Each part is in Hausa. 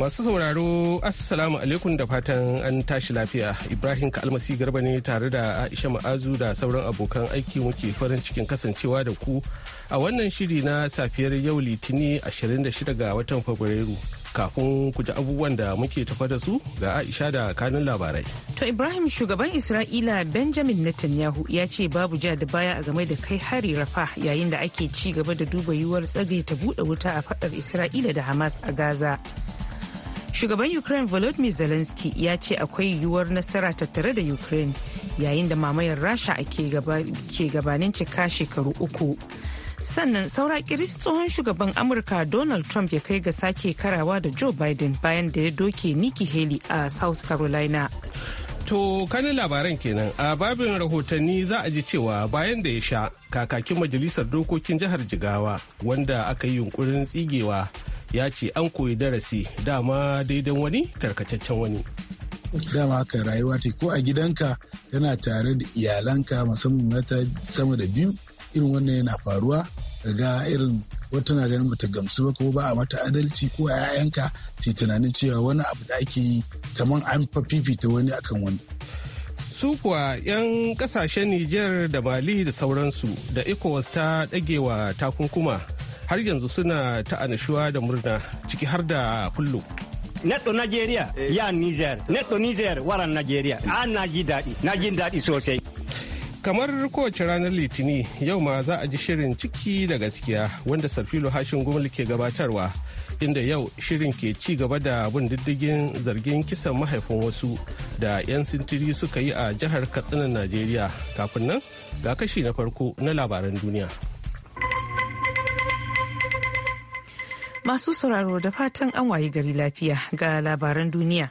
Masu sauraro Assalamu alaikum da fatan an tashi lafiya. Ibrahim Kalmasi Garba ne tare da Aisha Ma'azu da sauran abokan aiki muke farin cikin kasancewa da ku a wannan shiri na safiyar yau Litini 26 ga watan Fabrairu. Kafin ku ji abubuwan da muke tafa da su ga Aisha da kanun labarai. To Ibrahim shugaban Isra'ila Benjamin Netanyahu ya ce babu ja da baya a game da kai hari rafa yayin da ake ci gaba da duba yiwuwar tsagaita buɗe wuta a faɗar Isra'ila da Hamas a Gaza. shugaban ukraine volodymyr zelensky ya ce akwai yiwuwar nasara tattare da ukraine yayin da mamayar rasha ke gabanin cika shekaru uku sannan saura kiris tsohon shugaban amurka donald trump ya kai ga sake karawa da joe biden bayan da ya doke nikki haley a south carolina To kanin labaran kenan a babin rahotanni za a ji cewa bayan da ya sha kakakin majalisar dokokin jihar Jigawa wanda aka yi yunkurin tsigewa ya ce an koyi darasi dama daidan wani karkataccen wani dama haka rayuwa ta ko a gidanka tana tare da iyalanka musamman mata sama da biyu irin wannan yana faruwa daga irin wata na ganin bata gamsu ba ko ba a mata adalci ko a 'ya'yanka sai tunanin cewa wani abu da ake yi kamar an fifita wani akan wani su kuwa 'yan kasashen Nijar da Mali da sauransu da ECOWAS ta ɗagewa takunkuma har yanzu suna ta annashuwa da murna ciki har da fullo. Neto Najeriya eh. ya Niger, neto Niger waran Najeriya, a na ji daɗi, na jin daɗi sosai. Kamar kowace ranar Litini yau ma za a ji shirin ciki da gaskiya wanda Sarfilo Hashin Gumul ke gabatarwa. inda yau shirin ke ci gaba da bin diddigin zargin kisan mahaifin wasu da 'yan sintiri suka yi a jihar katsina najeriya kafin nan ga kashi na farko na labaran duniya Masu sauraro da fatan an wayi gari lafiya ga labaran duniya.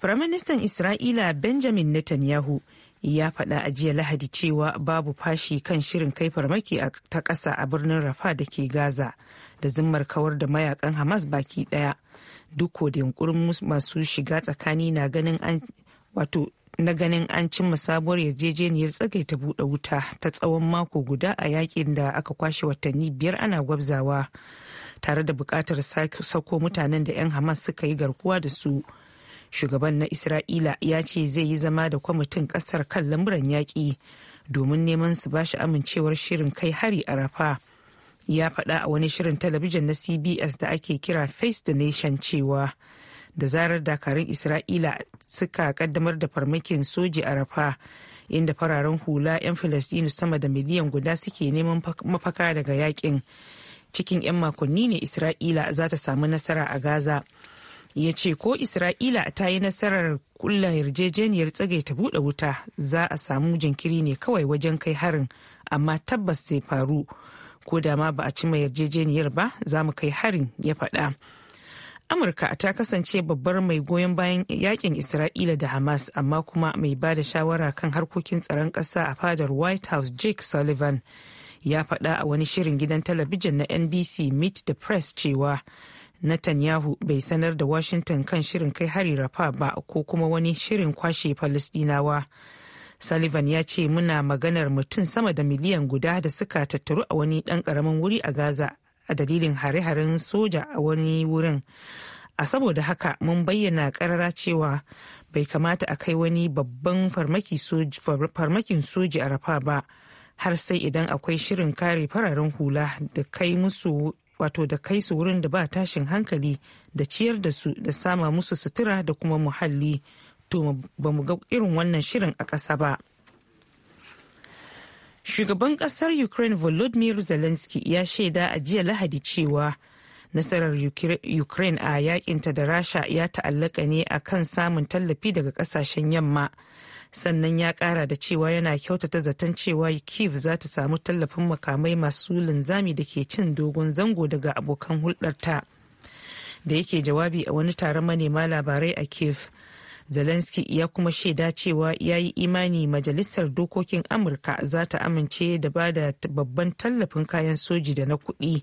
Firaministan Isra'ila Benjamin Netanyahu ya faɗa a jiya Lahadi cewa babu fashi kan shirin kai farmaki ta ƙasa a birnin Rafa da ke Gaza da zimmar kawar da mayakan Hamas baki ɗaya. Duk da yunkurin masu shiga tsakani na ganin an wato na ganin an cimma sabuwar yarjejeniyar tsagaita buɗe wuta ta tsawon mako guda a yakin da aka kwashe watanni biyar ana gwabzawa tare da bukatar sako mutanen da 'yan hamas suka yi garkuwa da su shugaban na isra'ila ya ce zai yi zama da kwamitin ƙasar kan lamuran yaƙi domin neman su ba shi amincewar shirin kai hari a rafa ya faɗa a wani shirin talabijin na cbs da ake kira face the nation cewa da zarar dakarun isra'ila suka kaddamar da farmakin soji a rafa inda fararen hula 'yan filistinu sama da miliyan guda suke neman mafaka daga yakin cikin 'yan makonni ne isra'ila za ta samu nasara a gaza ya ce ko isra'ila ta yi nasarar kulla yarjejeniyar ta buɗe wuta za a samu jinkiri ne kawai wajen kai harin amma tabbas zai faru ko da ma ba a cima yarjejeniyar ba za mu kai harin ya faɗa. amurka ta kasance babbar mai goyon bayan yakin isra'ila da hamas amma kuma mai ba da shawara kan harkokin tsaron ƙasa a fadar white house jake sullivan ya faɗa a wani shirin gidan talabijin na nbc meet the press cewa netanyahu bai sanar da washington kan shirin kai hari rafa ba ko kuma wani shirin kwashe falistinawa sullivan ya ce muna maganar mutum sama da miliyan guda da suka tattaru a wani ɗan ƙaramin wuri a gaza a dalilin hare-haren soja a wani wurin a saboda haka mun bayyana ƙarara cewa bai kamata a kai wani babban farmakin soji a rafa ba har sai idan akwai shirin kare fararen hula da kai musu wato da kai su wurin da ba tashin hankali da ciyar da su da sama musu sutura da kuma muhalli to ba mu ga irin wannan shirin a ƙasa ba. Shugaban ƙasar Ukraine Volodymyr Zelensky ya shaida a jiya Lahadi cewa nasarar ukraine a yakinta da rasha ya ta'allaka ne a kan samun tallafi daga kasashen yamma sannan ya kara da cewa yana kyautata zaton cewa kiev za ta samu tallafin makamai masu linzami da ke cin dogon zango daga abokan hulɗarta da yake jawabi a wani taron manema labarai a kiev zelensky ya kuma shaida cewa ya yi imani majalisar dokokin amurka za ta amince da ba da babban tallafin kayan soji da na kuɗi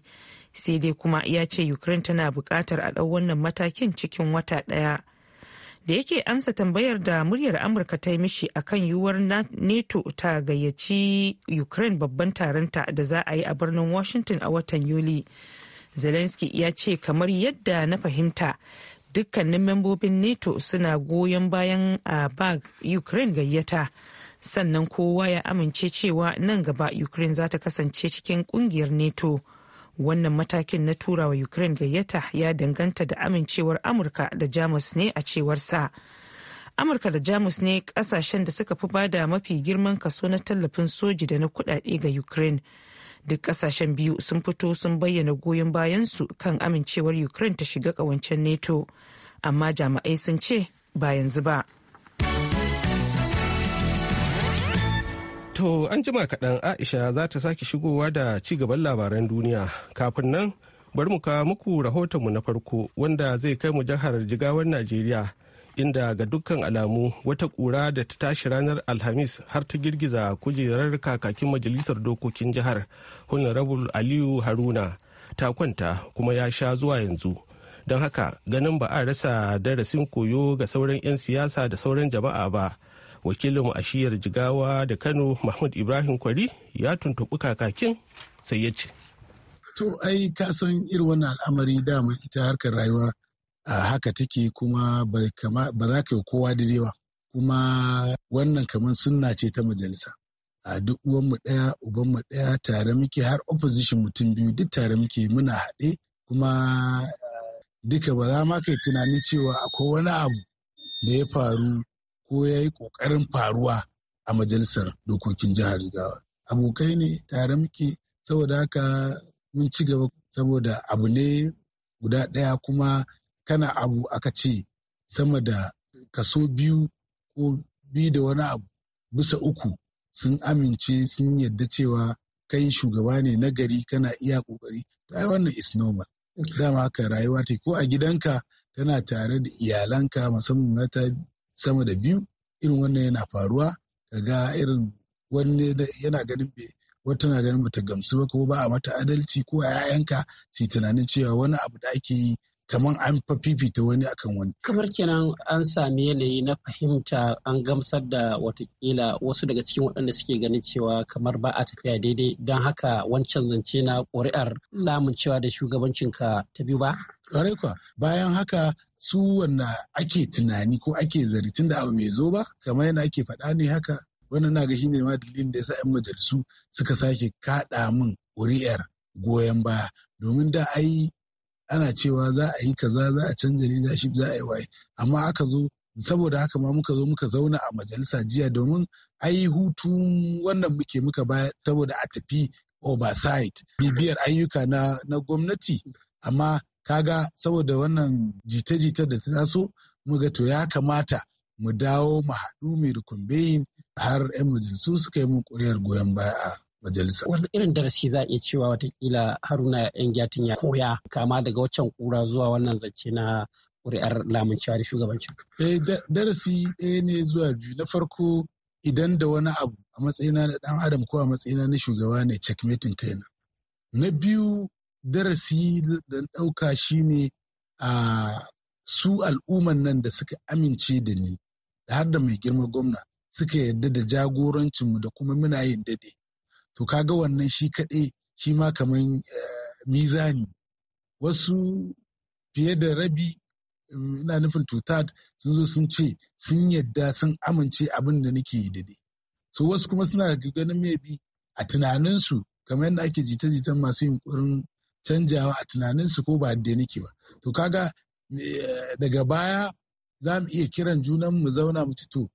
sai dai kuma ya ce ukraine tana bukatar a ɗau wannan matakin cikin wata ɗaya da yake amsa tambayar da muryar amurka ta yi mishi a kan yiwuwar neto ta gayyaci ukraine babban taronta da za a yi a birnin washington a watan yuli zelensky ya ce kamar yadda na fahimta dukkanin membobin nato suna goyon bayan a ba ukraine gayyata sannan kowa ya amince cewa nan gaba ukraine za ta kasance cikin kungiyar neto wannan matakin na turawa ukraine gayyata ya danganta da amincewar amurka da jamus ne a cewar sa amurka da jamus ne kasashen da suka fi bada mafi girman kaso na tallafin soji da na kudade ga ukraine duk kasashen biyu sun fito sun bayyana goyon bayansu kan amincewar ukraine ta shiga kawancen neto amma jami'ai sun ce ba yanzu ba. To an jima kaɗan Aisha za ta sake shigowa da ci gaban labaran duniya kafin nan bari mu kawo muku rahotonmu na farko wanda zai kai mu jihar Jigawar Najeriya inda ga dukkan alamu wata ƙura da ta tashi ranar Alhamis har ta girgiza kujerar kakakin majalisar dokokin jihar Honorable Aliyu Haruna ta kwanta kuma ya sha zuwa yanzu. Don haka ganin ba a rasa darasin koyo ga sauran 'yan siyasa da sauran jama'a ba. wakilin ashiyar jigawa da kano mahmud ibrahim kwari ya tuntuɓi kakakin sai ya ce to ai ka san irin wannan al'amari dama ita harkar rayuwa a haka take kuma ba za ka yi kowa daidai ba kuma wannan kamar sunna ce ta majalisa a duk uwanmu ɗaya ubanmu ɗaya tare muke har opposition mutum biyu duk tare muke muna haɗe kuma duka ba za ma kai tunanin cewa akwai wani abu da ya faru ko ya yi ƙoƙarin faruwa a majalisar dokokin jihar Jigawa. Abokai ne tare muke saboda haka mun ci gaba saboda abu ne guda ɗaya kuma kana abu aka ce sama da kaso biyu ko bi da wani abu bisa uku sun amince sun yadda cewa kai shugaba ne na gari kana iya kokari ai wannan is normal dama haka rayuwa ta ko a gidanka kana tare da iyalanka musamman mata sama da biyu irin wannan yana faruwa ga irin wani yana ganin bai wata na ganin bata gamsu ba ko ba a mata adalci ko a 'ya'yanka su tunanin cewa wani abu da ake yi kamar an fifita wani akan wani. Kamar kenan an sami yanayi na fahimta an gamsar da watakila wasu daga cikin waɗanda suke ganin cewa kamar ba a tafiya daidai don haka wancan zance na ƙuri'ar lamun cewa da shugabancinka ta biyu ba? Ƙwarai kuwa, bayan haka su wanda ake tunani ko ake zari da abu mai zo ba kamar yana ake faɗa ne haka wannan na ga shine ma dalilin da yasa 'yan majalisu suka sake kaɗa min ƙuri'ar goyon baya domin da ai ana cewa za a yi kaza za a canja ni, za a yi waye amma aka zo saboda haka ma muka zo muka zauna a majalisa jiya domin ai hutu wannan muke muka baya saboda a tafi oversight bibiyar ayyuka na gwamnati amma kaga saboda wannan jita-jita da ta so mu ga to ya kamata mu dawo mu haɗu mai rukumbeyin har 'yan majalisu suka yi mun ƙuriyar goyon baya a majalisa. Wani irin darasi za a iya cewa watakila haruna yan gyatin ya koya kama daga waccan kura zuwa wannan zance na ƙuri'ar lamun da shugabancin. Eh darasi ɗaya ne zuwa biyu na farko idan da wani abu a matsayina na ɗan adam ko a matsayina na shugaba ne checkmating kaina. Na biyu darasi da ɗauka shine a su al'umman nan da suka amince da ni da har da mai girma gwamna suka yarda da jagorancinmu da kuma muna yin dade to kaga wannan shi kaɗai shi ma kamar eh, mizani wasu fiye da rabi mm, ina nufin tutad sun zo sun ce sun yadda sun amince abin da nake yi dade so wasu kuma suna ganin bi a tunaninsu kamar yadda ake jita-jitan masu yunkurin canjawa a tunaninsu ko ba da nake ba to kaga eh, daga baya za mu iya kiran junan mu zauna mu to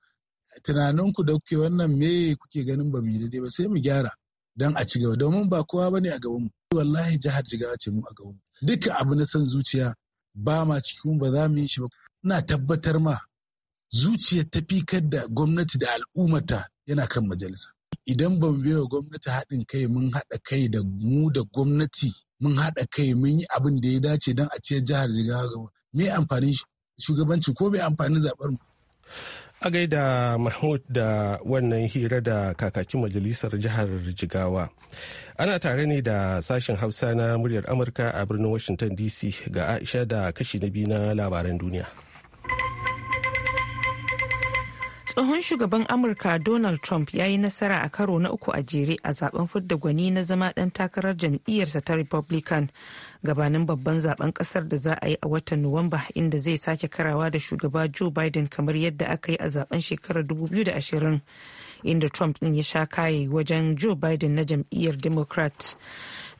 tunaninku da kuke wannan me kuke ganin ba mu yi daidai ba sai mu gyara don a ci gaba domin ba kowa bane a gaban mu wallahi jihar jigawa ce mu a gaban mu duka abu na san zuciya ba ma cikin ba za mu yi shi ba ina tabbatar ma zuciyar tafikar da gwamnati da al'ummata yana kan majalisa idan ban biyo gwamnati haɗin kai mun haɗa kai da mu da gwamnati mun haɗa kai mun yi abin da ya dace don a ciyar jihar jigawa me amfanin shugabanci ko me amfanin zaɓar mu a gaida mahmud da wannan hira da kakakin majalisar jihar jigawa ana tare ne da sashen hausa na muryar amurka a birnin washington dc ga aisha da kashi na biyu na labaran duniya tsohon shugaban amurka donald trump ya yi nasara a karo na uku a jere a zaben fidda gwani na zama dan takarar jam'iyyarsa ta republican gabanin babban zaben kasar da za a yi a watan nuwamba inda zai sake karawa da shugaba joe biden kamar yadda aka yi a zaben shekarar 2020 inda trump din ya sha kaye wajen joe biden na jam'iyyar democrat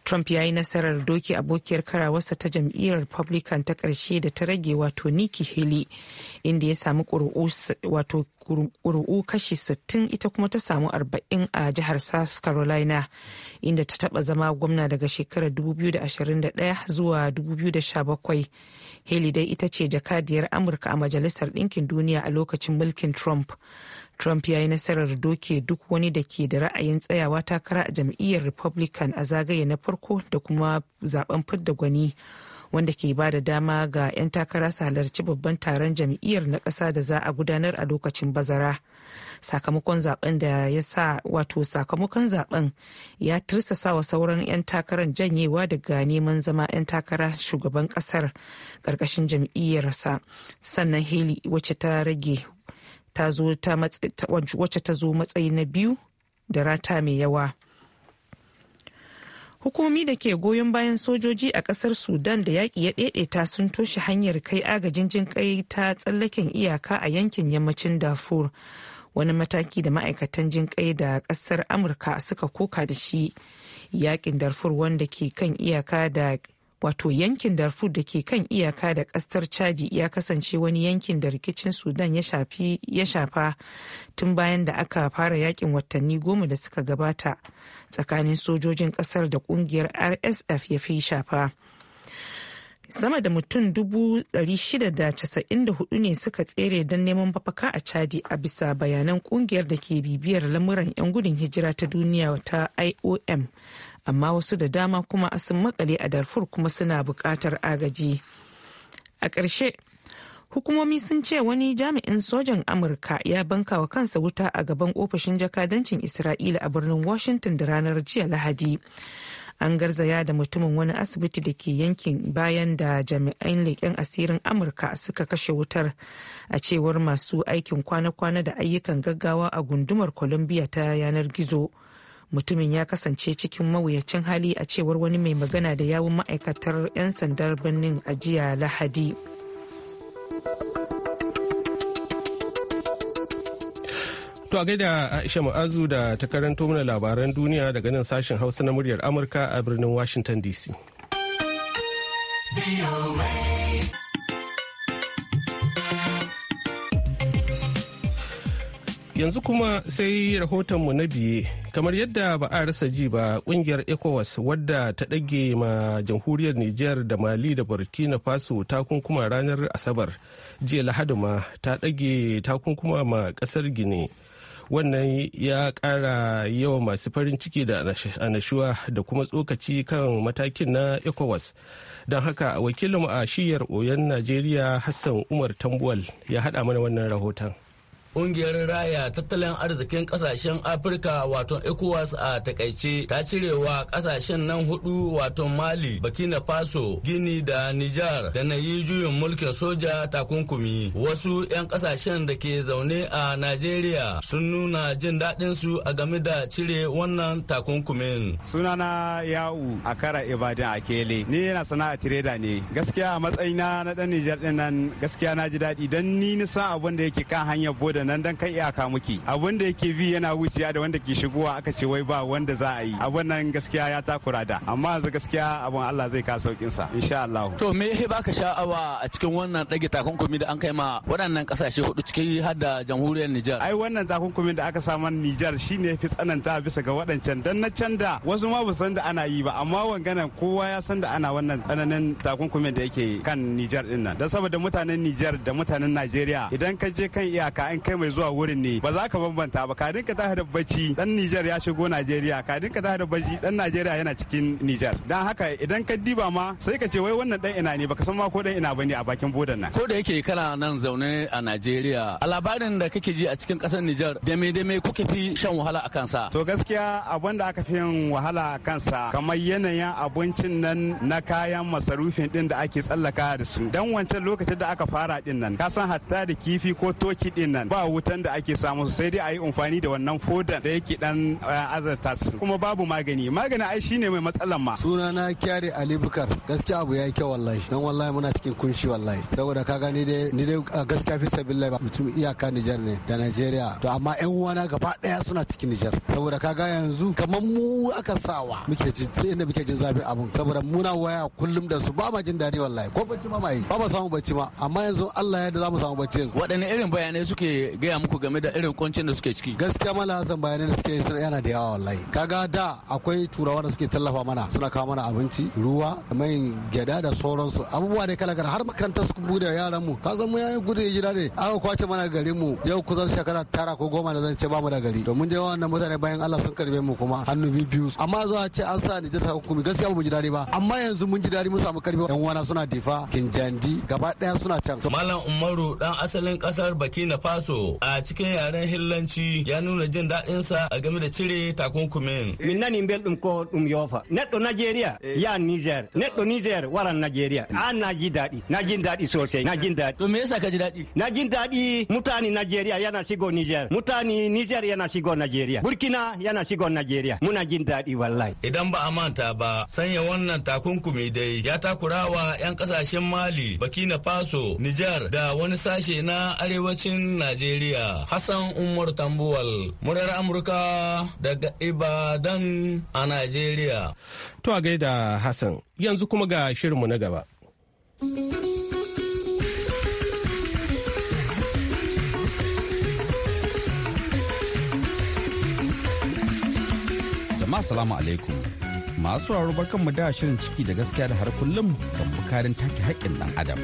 Trump ya yi nasarar doki abokiyar karawarsa ta jam'iyyar Republican ta ƙarshe da ta rage wato Nikki Haley inda ya samu ƙuri'u kashi 60 ita kuma ta samu 40 a jihar South Carolina inda ta taɓa zama gwamna daga shekarar 2021 zuwa 2017. Haley dai ita ce jakadiyar Amurka a Majalisar Ɗinkin Duniya a lokacin mulkin Trump. Trump ya yi nasarar doke duk wani da ke da ra'ayin tsayawa takara a jam'iyyar Republican a zagaye na farko da kuma zaben fidda gwani wanda ke ba da dama ga 'yan takara su halarci babban taron jam'iyyar na ƙasa da za a gudanar a lokacin bazara. Sakamakon zaben da ya sa wato sakamakon zaben ya tirsasawa sauran 'yan takarar janyewa daga neman zama 'yan takara shugaban ƙasar ƙarƙashin jam'iyyarsa sannan Haley wacce ta rage ta zo ta wacce ta zo matsayi na biyu da rata mai yawa hukumomi da ke goyon bayan sojoji a kasar sudan da yaƙi ya ɗaiɗaita sun toshe hanyar kai agajin jin kai ta tsallaken iyaka a yankin yammacin darfur wani mataki da ma'aikatan jin kai da kasar amurka suka koka da shi yaƙin darfur wanda ke kan iyaka da wato yankin darfur da ke kan iyaka da kasar chadi ya kasance wani yankin da rikicin sudan ya shafa tun bayan da aka fara yakin watanni goma da suka gabata tsakanin sojojin kasar da kungiyar rsf ya fi shafa sama da mutum 694 ne suka tsere don neman mafaka a chadi a bisa bayanan kungiyar da ke bibiyar lamuran 'yan gudun hijira ta duniya ta iom amma wasu da dama kuma sun makale a darfur kuma suna buƙatar agaji a ƙarshe hukumomi sun ce wani jami'in sojan amurka ya banka wa kansa wuta a gaban ofishin jakadancin isra'ila a birnin washington da ranar jiya lahadi an garzaya da mutumin wani asibiti da ke yankin bayan da jami'an leƙen asirin amurka suka kashe wutar a cewar masu aikin kwana-kwana da ayyukan gaggawa a gundumar columbia ta yanar gizo mutumin ya kasance cikin mawuyacin hali a cewar wani mai magana da yawun ma'aikatar 'yan sandar birnin a jiya lahadi To a gaida Aisha Mu'azu da ta karanto mana labaran duniya daga nan sashen Hausa na muryar Amurka a birnin Washington DC. yanzu kuma sai rahotonmu na biye kamar yadda ba a rasa ji ba kungiyar ecowas wadda ta ɗage ma jamhuriyar niger da mali da burkina faso takunkuma ranar asabar jiya lahadi ma ta ɗage takunkuma ma ƙasar gine wannan ya ƙara yawa masu farin ciki da anashuwa da kuma tsokaci kan matakin na ecowas don haka wakilin a shiyar oyon najeriya hassan umar tambuwal ya haɗa mana wannan rahoton Ƙungiyar raya tattalin arzikin kasashen Afirka wato ECOWAS a takaice ta cirewa kasashen nan hudu wato Mali, Burkina Faso, Gini da Nijar da na yi juyin mulkin soja takunkumi. Wasu 'yan ƙasashen da ke zaune a Najeriya sun nuna jin daɗin su a game da cire wannan takunkumin. Sunana Yawu a kara Ibadan Akele. Ni yana sana'a tireda ne. Gaskiya a matsayina na ɗan Nijar ɗin nan gaskiya na ji daɗi don ni nisan abin da yake kan hanyar bodan nan dan kan iyaka muke abin da yake bi yana wuciya da wanda ke shigowa aka ce wai ba wanda za a yi abin nan gaskiya ya takura da amma yanzu gaskiya abin Allah zai ka saukin sa insha Allah to me yake baka sha'awa a cikin wannan dage takunkumi da an kai ma waɗannan kasashe hudu ciki har da jamhuriyar Nijar ai wannan takunkumin da aka samu Nijar shine fi tsananta bisa ga waɗancan dan na can da wasu ma san da ana yi ba amma wanganan kowa ya san da ana wannan tsananin takunkumin da yake kan Nijar din nan dan saboda mutanen Nijar da mutanen Najeriya idan ka je kan iyaka an kai kai mai zuwa wurin ne ba za ka bambanta ba kadin ka tafi da bacci dan Nijar ya shigo Najeriya kadin ka tafi da bacci dan Najeriya yana cikin Nijar dan haka idan ka diba ma sai ka ce wai wannan dan ina ne baka san ma ko dan ina bane a bakin bodan nan ko da yake kana nan zaune a Najeriya a labarin da kake ji a cikin kasar Nijar da me da me kuke fi shan wahala a kansa to gaskiya abin da aka fi yin wahala a kansa kamar yanayin abincin nan na kayan masarufin din da ake tsallaka da su dan wancan lokacin da aka fara din nan ka san hatta da kifi ko toki din nan ba wutan da ake samu sai dai a yi amfani da wannan fodan da yake dan eh, azarta su kuma babu magani magani ai shine mai matsalan ma sunana kyare ali bukar gaskiya abu yayi kyau wallahi dan wallahi muna cikin kunshi wallahi saboda ka gani dai ni dai gaskiya fi sabillahi ba mutum iyaka Nijar ne da Nigeria to amma yan uwana gaba daya suna cikin Nijar saboda ka ga yanzu kamar mu aka sawa muke ji sai inda muke jin zafin abun saboda muna waya kullum da su ba ma jin dadi wallahi ko bacci ma mai ba mu samu bacci ma amma yanzu Allah ya yarda za mu samu bacci yanzu waɗanne irin bayanai suke gaya muku game da irin kuncin da suke ciki gaskiya mala hasan bayanai da suke sun yana da yawa wallahi kaga da akwai turawa da suke tallafa mana suna kawo mana abinci ruwa mai gyada da sauransu abubuwa da kala kala har makarantar su bude yaran mu ka san mu yayin gudu gida ne aka kwace mana gari mu yau kusan shekara tara ko goma da zan ce mu da gari to mun je wannan mutane bayan Allah sun karbe mu kuma hannu biyu amma zuwa ce an sa ni ta hukumi gaskiya mu ji dadi ba amma yanzu mun ji dadi mun samu karbe yan wana suna difa kinjandi gaba daya suna can malam umaru dan asalin kasar bakina faso Bello a cikin yaren Hillanci ya nuna jin daɗin sa a game da cire takunkumin. Min nanin bel ɗum ko ɗum yofa. Neɗɗo Najeriya eh. ya Niger. Neɗɗo Niger waran Najeriya. An na ji daɗi. Na jin daɗi sosai. Na jin daɗi. To me yasa ka ji daɗi? Na jin daɗi mutane Najeriya yana shigo Niger. Mutane Niger yana shigo Najeriya. Burkina yana shigo Najeriya. Muna jin daɗi wallahi. Idan ba a manta ba sanya wannan takunkumi dai ya takurawa 'yan kasashen Mali, Burkina Faso, Niger da wani sashe na arewacin Najeriya. Najeriya Hassan Umar Tambuwal murar Amurka daga Ibadan a Najeriya. To a gaida Hassan yanzu kuma ga shirinmu na gaba. Jama'a salamu alaikum. Masu rarrabar kanmu da shirin ciki da gaskiya da har kullum kan bukarin take haƙƙin ɗan adam.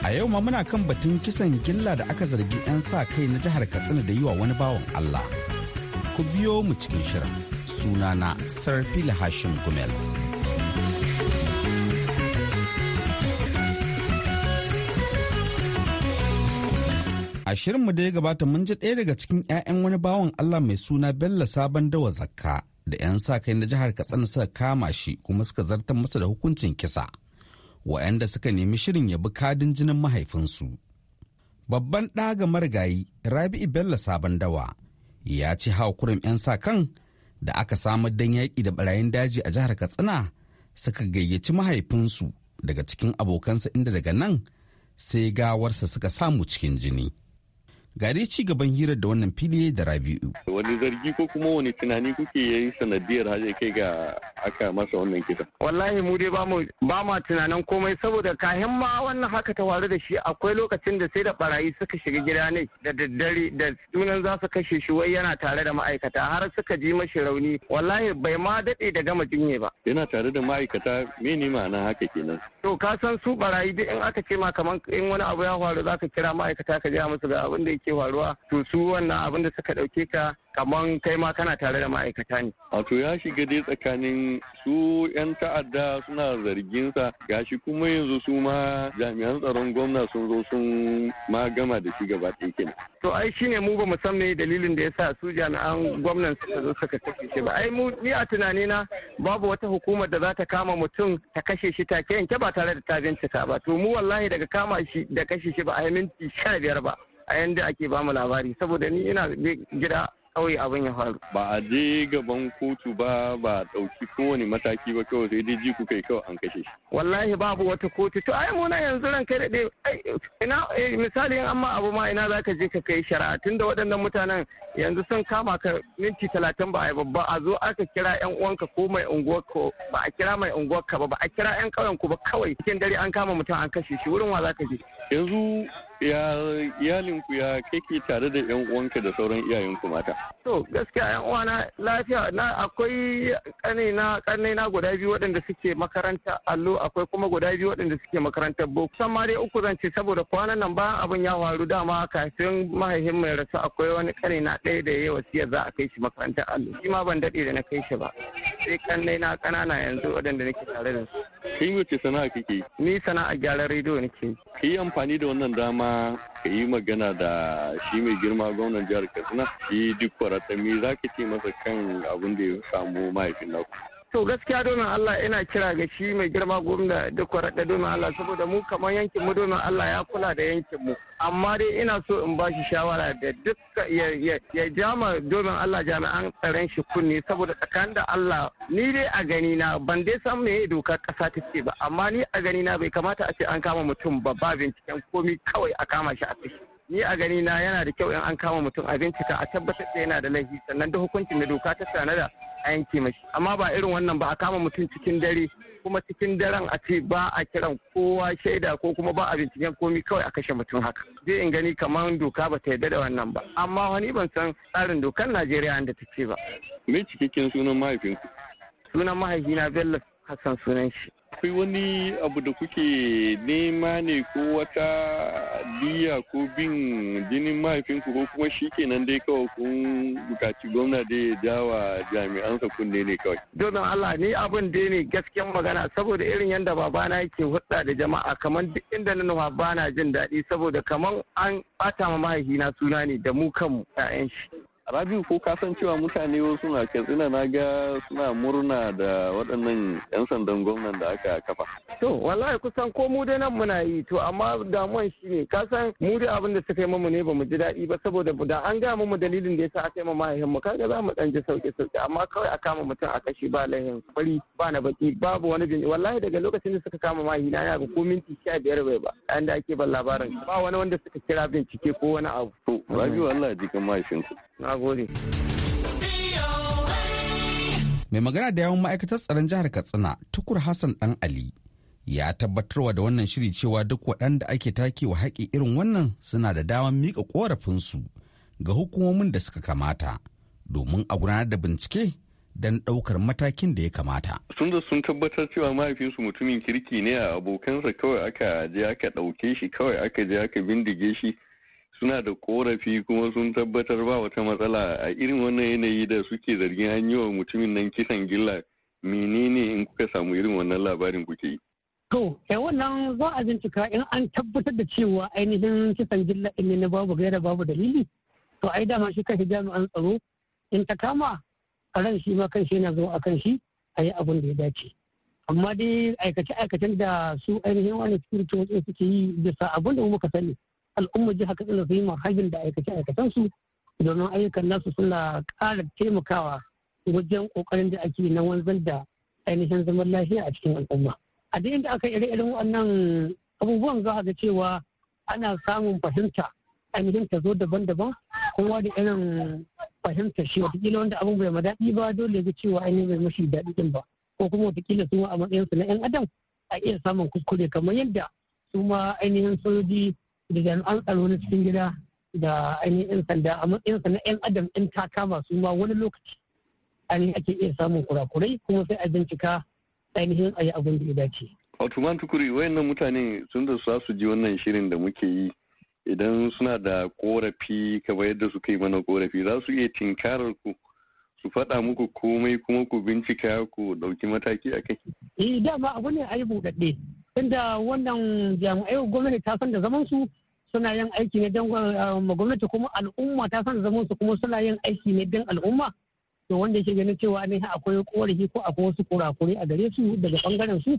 A yau ma muna kan batun kisan gilla da aka zargi 'yan sa kai na jihar Katsina da yi wa wani bawan Allah. Ku biyo mu cikin shirin sunana Sarfi Hashim Gumel. A shirinmu da ya gabata mun ji ɗaya daga cikin 'ya'yan wani bawan Allah mai suna Bello Sabon Dawa Zakka da 'yan sa kai na jihar Katsina suka kama shi kuma suka zartar masa da hukuncin kisa. waɗanda suka nemi shirin ya bi kadin jinin mahaifinsu. Babban ɗaga marigayi Rabi'u Bello Sabon Dawa ya ci haukurin 'yan sa kan da aka samar don yaƙi da ɓarayin daji a jihar Katsina suka gayyaci mahaifinsu daga cikin abokansa inda daga nan sai gawarsa suka samu cikin jini. gare ci gaban hirar da wannan fili da rabi'u. wani zargi ko kuma wani tunani kuke yi sanadiyar har kai ga aka masa wannan kisa. wallahi mu dai ba ma tunanin komai saboda kahin ma wannan haka ta waru da shi akwai lokacin da sai da barayi suka shiga gida ne da daddare da sunan za su kashe shi wai yana tare da ma'aikata har suka ji mashi rauni wallahi bai ma dade da gama jinye ba. yana tare da ma'aikata mene ma'ana haka kenan. to ka san su barayi duk in aka ce ma kamar in wani abu ya faru za ka kira ma'aikata ka gaya musu ga abin da yake faruwa to su wannan abin da suka ɗauke ka kaman kai ma kana tare da ma'aikata ne. Wato ya shiga dai tsakanin su 'yan ta'adda suna zargin sa gashi kuma yanzu su ma jami'an tsaron gwamna sun zo sun ma gama da shi gaba ɗaya kenan. To ai ne mu ba mu san me dalilin da yasa su jami'an gwamnan suka zo suka kashe shi ba. Ai mu ni a tunani na babu wata hukumar da za ta kama mutum ta kashe shi take yanke ba tare da ta bincika ba. To mu wallahi daga kama shi da kashe shi ba a yi minti sha biyar ba. a yanda ake ba mu labari saboda ni ina gida kawai abin ya faru. Ba a je gaban kotu ba ba ɗauki kowane mataki ba kawai sai dai ji kai kawai an kashe shi. Wallahi babu wata kotu to ai muna yanzu ran kai daɗe ina eh, misali in amma abu ma ina zaka je ka kai shari'a tunda waɗannan mutanen yanzu sun kama ka minti talatin ba a yi babba a zo aka kira yan uwanka ko mai unguwar ba a kira mai unguwar ba ba a kira yan ƙauyen ku ba kawai cikin dare an kama mutum an kashe shi wurin wa zaka je. Yanzu ya iyalinku ya kake tare da yan uwanka da sauran iyayen ku mata to gaskiya yan uwana lafiya na akwai kane na kane na guda biyu waɗanda suke makaranta allo akwai kuma guda biyu waɗanda suke makarantar boko san ma dai uku zan ce saboda kwanan nan bayan abin ya faru dama kafin mahaifin mai rasu akwai wani kane na ɗaya da yayi wasiya za a kai shi makarantar allo shi ma ban daɗe da na kai shi ba sai kanne na ƙanana yanzu waɗanda nake tare da su Kai wace sana'a kake? Ni sana'a gyaran rediyo nake. Ka yi amfani da wannan dama ka yi magana da shi mai girma gwamnan jihar Katsina. Shi duk kwaratami za ka ce masa kan abin da ya samu mahaifin naku. to gaskiya domin Allah ina kira ga shi mai girma gwamna da kwaraɗa domin Allah saboda mu kamar yankin mu domin Allah ya kula da yankin mu amma dai ina so in ba shi shawara da dukka ya jama domin Allah jami'an tsaron shi kunne saboda tsakanin da Allah ni dai a gani na ban dai san me doka kasa ta ce ba amma ni a gani na bai kamata a ce an kama mutum ba ba binciken komi kawai a kama shi a kai ni a gani na yana da kyau in an kama mutum a bincika a tabbatar da yana da laifi sannan da hukuncin da doka ta da a yanke mashi amma ba irin wannan ba a kama mutum cikin dare kuma cikin daren a ce ba a kiran kowa shaida ko kuma ba a binciken komi kawai a kashe mutum haka zai in gani kamar doka ba ta yarda da wannan ba amma wani ban san tsarin dokar najeriya da ta ce ba me cikakken sunan mahaifinku sunan mahaifina bello hassan sunan shi akwai wani abu da kuke nema ne ko wata liya ko bin jinin mahaifinku ko kuma shi kenan dai kawai kun bukaci gwamna da ya jami'an jami'ansa kunne ne kawai. Donon Allah ni abin dai ne gasken magana saboda irin yadda babana yake hudda da jama'a kamar duk inda na nufa bana jin daɗi saboda kamar an bata ma mahaifina suna ne da mu kanmu 'ya'yan shi. Rabiu ko ka san cewa mutane wasu na katsina na ga suna murna da waɗannan 'yan sandan gwamnan da aka kafa. To wallahi kusan ko mu dai nan muna yi to amma damuwan shi ne ka san mu dai abin da suka yi mamu ne bamu ji daɗi ba saboda da an ga mu dalilin da ya sa aka yi mamu mahaihin mu kaga za mu ɗan ji sauki sauki amma kawai a kama mutum a kashi ba lahin fari ba na baki babu wani jini wallahi daga lokacin da suka kama mahi na ko minti sha biyar bai ba an da ake ban labarin ba wani wanda suka kira bincike ko wani abu. To Rabiu Allah ya ji kan na gode mai magana da yawan ma'aikatar tsaron jihar katsina tukur hassan dan ali ya tabbatarwa da wannan shiri cewa duk waɗanda ake take wa haƙi irin wannan suna da damar miƙa ƙorafinsu ga hukumomin da suka kamata domin a gudanar da bincike don ɗaukar matakin da ya kamata. Sun da sun tabbatar cewa mahaifinsu mutumin kirki ne a abokansa kawai aka je aka ɗauke shi kawai aka je aka bindige shi suna da korafi kuma sun tabbatar ba wata matsala a irin wannan yanayi da suke zargin an yi wa mutumin nan kisan gilla menene in kuka samu irin wannan labarin kuke yi To, ya eh, wannan za a bincika in an tabbatar da cewa ainihin kisan gilla in na babu gaira babu dalili, to ai dama shi kashe jami'an tsaro in ta kama ran shi ma kan shi yana zuwa kan shi a yi abin da ya dace. Amma dai aikace-aikacen da su ainihin wani security suke yi bisa abin da muka sani al'ummar jihar katsina su yi marhabin da aikace aikacen su domin ayyukan nasu suna ƙara taimakawa wajen ƙoƙarin da ake na wanzar da ainihin zaman lafiya a cikin al'umma a dai, inda aka ire-iren wannan abubuwan za ga cewa ana samun fahimta ainihin ta zo daban-daban kowa da irin fahimtar shi watakila wanda abin bai ma daɗi ba dole ga cewa ainihin bai mashi daɗi ɗin ba ko kuma watakila su a matsayinsu na 'yan adam a iya samun kuskure kamar yadda su ma ainihin sojoji da jami'an tsaro na cikin gida da ainihin 'yan sanda a matsayin sa na 'yan adam in takama kama su ma wani lokaci ainihin ake iya samun kurakurai kuma sai a bincika ainihin a yi abin da ya dace. Otuman Tukuri wayannan mutane sun da su su ji wannan shirin da muke yi idan suna da korafi kamar yadda su kai mana korafi za su iya tinkarar ku su faɗa muku komai kuma ku bincika ku dauki mataki a kai. Eh dama abu ne a yi buɗaɗɗe tunda wannan jami'ai gwamnati ta san da zaman su suna yin aiki ne don um, gwamnati kuma al'umma ta san da zaman su kuma suna yin aiki ne don al'umma to wanda yake ganin cewa ne akwai korafi ko akwai wasu kurakure a gare su daga bangaren su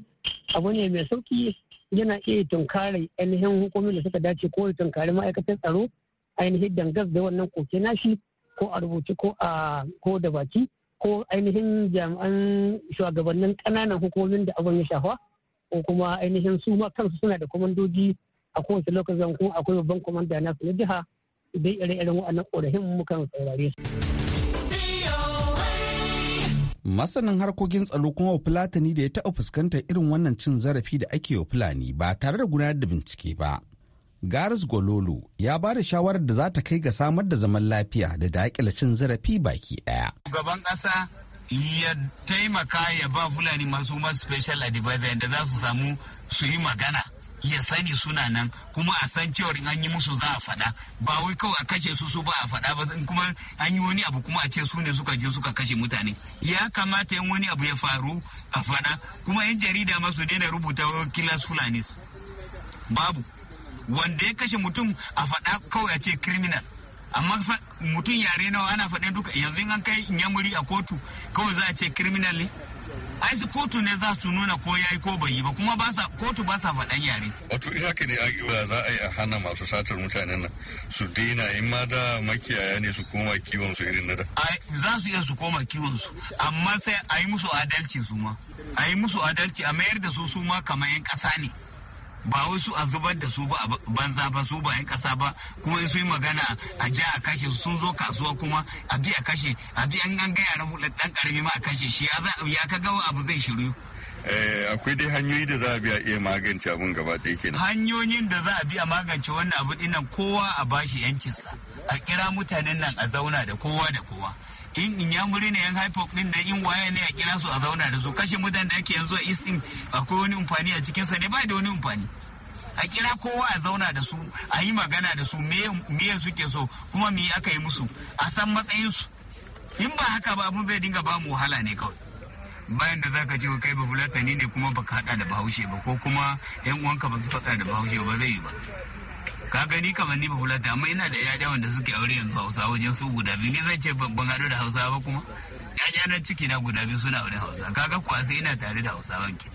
abu ne mai sauki yana iya tunkare ainihin hukumomin da suka dace ko tunkari ma'aikatan tsaro ainihin dangas da wannan koke nashi ko a rubuce ko a ko da baki ko ainihin jami'an shugabannin ƙananan hukumomin da abin ya shafa ko kuma ainihin su ma kansu suna da kwamandoji a kowace lokacin kuma akwai babban kwamanda na su na jiha idan ire-iren waɗannan ƙorafin mukan saurare su. Masanin harkokin tsaro kuma Fulatani da ya taɓa fuskantar irin wannan cin zarafi da ake wa Fulani ba tare da gudanar da bincike ba. Garis Gololo ya ba da shawarar da za ta kai ga samar da zaman lafiya da daƙila cin zarafi baki ɗaya. gaban ƙasa ya taimaka ya ba fulani masu masu special advisor yadda za su samu su yi magana ya sani suna nan kuma a san cewar in an yi musu za a faɗa ba wai kawai a kashe su su ba a faɗa ba in kuma an yi wani abu kuma a ce su ne suka je suka kashe mutane ya kamata in wani abu ya faru a faɗa kuma yan jarida masu daina rubuta kilas fulani babu wanda ya kashe mutum a faɗa kawai a ce criminal amma mutum yare nawa ana faɗe duka yanzu in an kai nyamuri a kotu kawai za a ce criminal ne ai su kotu ne za su nuna ko yayi ko bai yi ba kuma ba sa kotu ba sa faɗan yare. wato ina ka ne za a yi a hana masu satar mutanen nan su daina in ma da makiyaya ne su koma kiwon su irin na da. za su iya su koma kiwon su amma sai a yi musu adalci su ma a yi musu adalci a mayar da su su ma kamar 'yan ƙasa ne. ba wai su a zubar da su ba a banza ba su ba 'yan kasa ba kuma su yi magana a ja a kashe sun zo kasuwa kuma a bi a kashe a bi an ganga yaran hular dan karami ma a kashe shi ya ka gawa abu zai shiru eh, akwai dai hanyoyi da za a biya iya magance abun gaba ɗaya kenan hanyoyin da za a biya magance wannan abu dinnan kowa a bashi yankinsa a kira mutanen nan a zauna da kowa da kowa in inyamuri ne yan haifok din da in waye ne a kira su a zauna da su kashe mutane da ake yanzu a east din akwai wani umfani a cikin sa ne ba da wani umfani a kira kowa a zauna da su a yi magana da su me suke so kuma me aka yi musu a san matsayin su in ba haka ba abin zai dinga ba mu wahala ne kawai bayan da zaka ce kai ba fulatani ne kuma baka hada da bahaushe ba ko kuma yan uwanka ba su faɗa da bahaushe ba zai yi ba ka gani kamar ni ba fulata amma ina da yaya wanda suke aure yanzu hausa wajen su guda biyu ni zan ce ban haɗu da hausa ba kuma yaya nan ciki na guda biyu suna auren hausa ga kuwa sai ina tare da hausa banki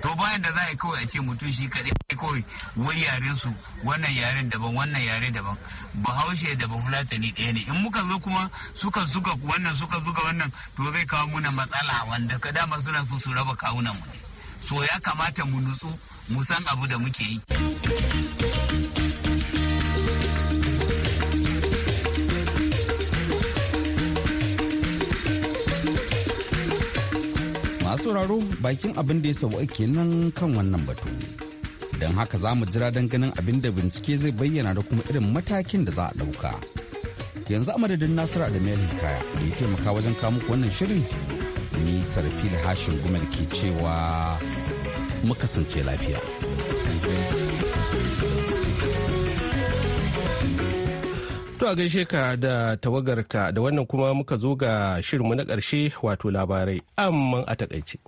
to bayan da za a kawai a ce mutum shi kaɗai kawai wai yaren su wannan yaren daban wannan yare daban bahaushe da ni ɗaya ne in muka zo kuma suka zuga wannan suka zuga wannan to zai kawo muna matsala wanda ka dama suna so su raba kawunan mu so ya kamata mu nutsu mu san abu da muke yi. masu sauraro bakin abin da ya sabu nan kan wannan batu don haka za mu jira don ganin abin da bincike zai bayyana da kuma irin matakin da za a ɗauka yanzu a madadin nasiru adamu hikaya da ya taimaka wajen kamu wannan shirin ni sarfi da hashin gumel ke cewa mu kasance lafiya. To a gaishe ka da tawagarka da wannan kuma muka zo ga shirinmu na ƙarshe wato labarai amma a takaice.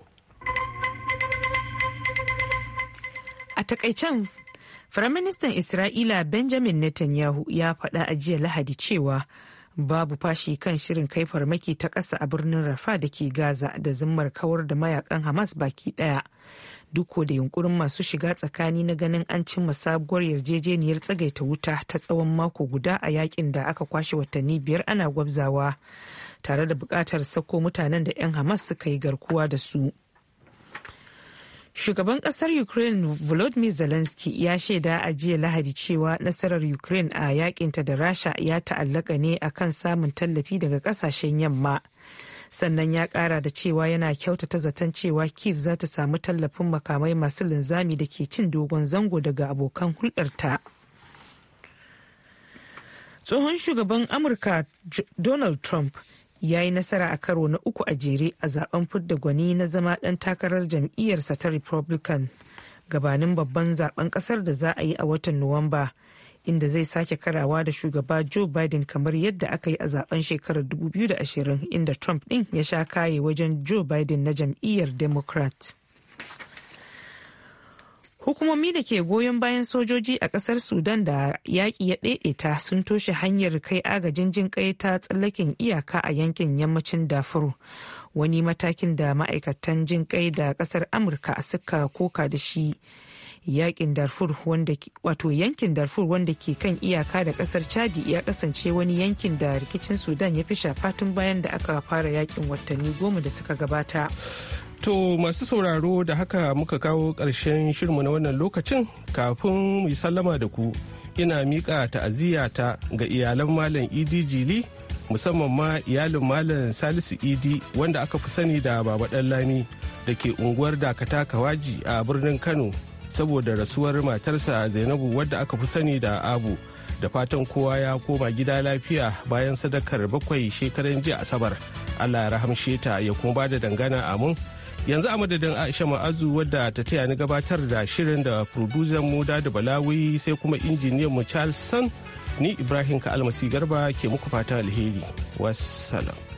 A takaicen Firaministan Isra'ila Benjamin Netanyahu ya faɗa a jiya Lahadi cewa babu fashi kan shirin kai farmaki ta ƙasa a birnin Rafa da ke Gaza da zimmar kawar da mayakan Hamas baki ɗaya duk da yunkurin masu shiga tsakani na ganin an cimma sabuwar yarjejeniyar tsagaita wuta ta tsawon mako guda a yakin da aka kwashe watanni biyar ana gwabzawa tare da buƙatar sako mutanen da 'yan hamas suka yi garkuwa da su shugaban kasar ukraine volodymyr zelensky ya shaida a jiya lahadi cewa nasarar ukraine a yakinta da rasha ya ta'allaka ne akan samun tallafi daga kasashen yamma sannan ya kara da cewa yana kyautata zaton cewa kiev za ta samu tallafin makamai masu linzami da ke cin dogon zango daga abokan hulɗarta. tsohon shugaban amurka donald trump ya yi nasara a karo na uku a jere a zaben fidda gwani na zama dan takarar jam'iyyarsa ta republican gabanin babban zaben kasar da za a yi a watan nuwamba inda zai sake karawa da shugaba joe biden kamar yadda aka yi a zaben shekarar 2020 inda trump din ya sha kaye wajen joe biden na jam'iyyar democrat hukumomi da ke goyon bayan sojoji a kasar sudan da yaƙi ya ɗaiɗaita sun toshe hanyar kai agajin jin kai ta tsallaken iyaka a yankin yammacin dafur wani matakin da ma'aikatan jin kai da ƙasar amurka suka koka da shi yakin darfur wanda wato yankin darfur wanda ke kan iyaka da kasar chadi ya kasance wani yankin da rikicin sudan ya fi shafa bayan da aka fara yakin watanni goma da suka gabata To masu sauraro da haka muka kawo ƙarshen shirmu na wannan lokacin kafin mu sallama da ku ina miƙa ta'aziyata ga iyalan Malam Idi Jili musamman ma iyalin Malam Salisu Idi wanda aka fi sani da Baba lami da ke unguwar Dakata Kawaji a birnin Kano saboda rasuwar matarsa zainabu wadda aka fi sani da abu da fatan kowa ya koma gida lafiya bayan sadakar bakwai shekaran jiya asabar allah ya rahamshe ta ya kuma bada dangana amin yanzu a madadin aisha ma'azu wadda ta taya ni gabatar da shirin da producer muda da balawi sai kuma injiniyan mu charles san ni ibrahim ka almasi garba ke muku fatan alheri wassalam